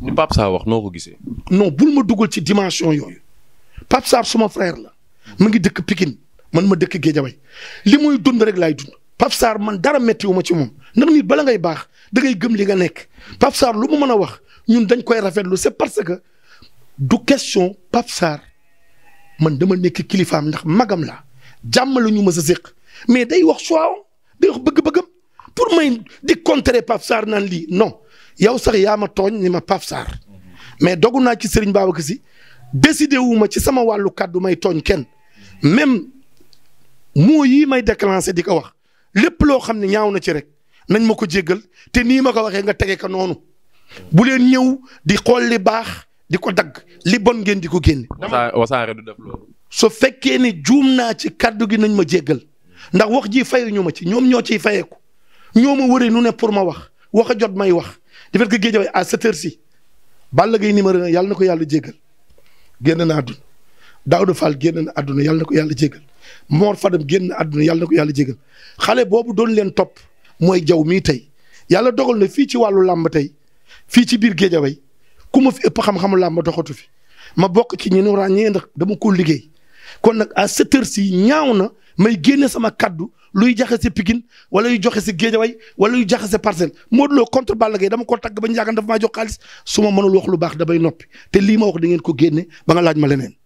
ni Pape Sarr wax noo ko gisee. non bul ma dugal ci dimension yooyu Pape Sarr suma frère la mu ngi dëkk pikin man ma dëkk Guédiawaye li muy dund rek laay dund Pape Sarr man dara méttiwu ma ci moom ndax nit bala ngay baax da ngay gëm li nga nekk Pape Sarr lu mu mën a wax ñun dañ koy rafetlu c'est parce que du question Pape Sarr man dama nekk kilifaam ndax magam la jàmm la ñu mës a séq mais day wax choix day wax bëgg-bëggam pour may di contrer Pape Sarr naan lii yow sax yaa ma tooñ ni ma Pape Sarr mais dogu naa ci Serigne baaw Sy décidé wu ma ci sama wàllu kàddu may tooñ kenn même moo yii may déclenché di ko wax lépp loo xam ne ñaaw na ci rek nañ ma ko jéggal te nii ma ko waxee nga tege ko noonu bu leen ñëw di xool li baax di ko dagg li bon ngeen di ko génne. wasaare du def loolu. su fekkee ne juum naa ci kàddu gi nañ ma jéggal ndax wax ji ñu ma ci ñoom ñoo ciy fayeeku ñoo ma wëree nu ne pour ma wax wax jot may wax. di fait que Guédiawaye à cette heure-ci Balla numéro 1 yàlla na ko yàlla jéggal génn na àdduna Daouda Fall génn na àdduna yàlla na ko yàlla jéggal Mor Fadam génn àdduna yàlla na ko yàlla jéggal xale boobu doon leen topp mooy jaw mii tey yàlla dogal na fii ci wàllu làmb tey fii ci biir Guédiawaye ku ma fi ëpp xam-xamu làmb doxatu fi ma bokk ci ñi ñu ràññee ndax dama ko liggéey kon nag à cette heure ci ñaaw na may génne sama kaddu luy jaxe jaxase Pikine wala yu joxe ci Guédiawaye wala yu jaxase Parcelles Modou loo contre Balla Gaye dama ko tagg ba ñu yàggan dafa maa jox xaalis su ma mënul wax lu baax damay noppi te lii ma wax da ngeen ko génne ba nga laaj ma leneen